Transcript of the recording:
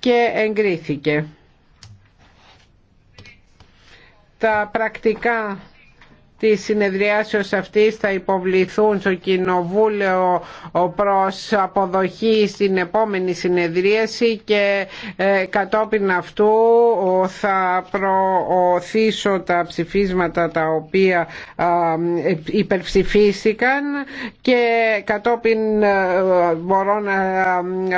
και εγκρίθηκε. Τα πρακτικά της συνεδριάσεως αυτής θα υποβληθούν στο Κοινοβούλιο προς αποδοχή στην επόμενη συνεδρίαση και ε, κατόπιν αυτού θα προωθήσω τα ψηφίσματα τα οποία υπερψηφίστηκαν και κατόπιν ε, μπορώ να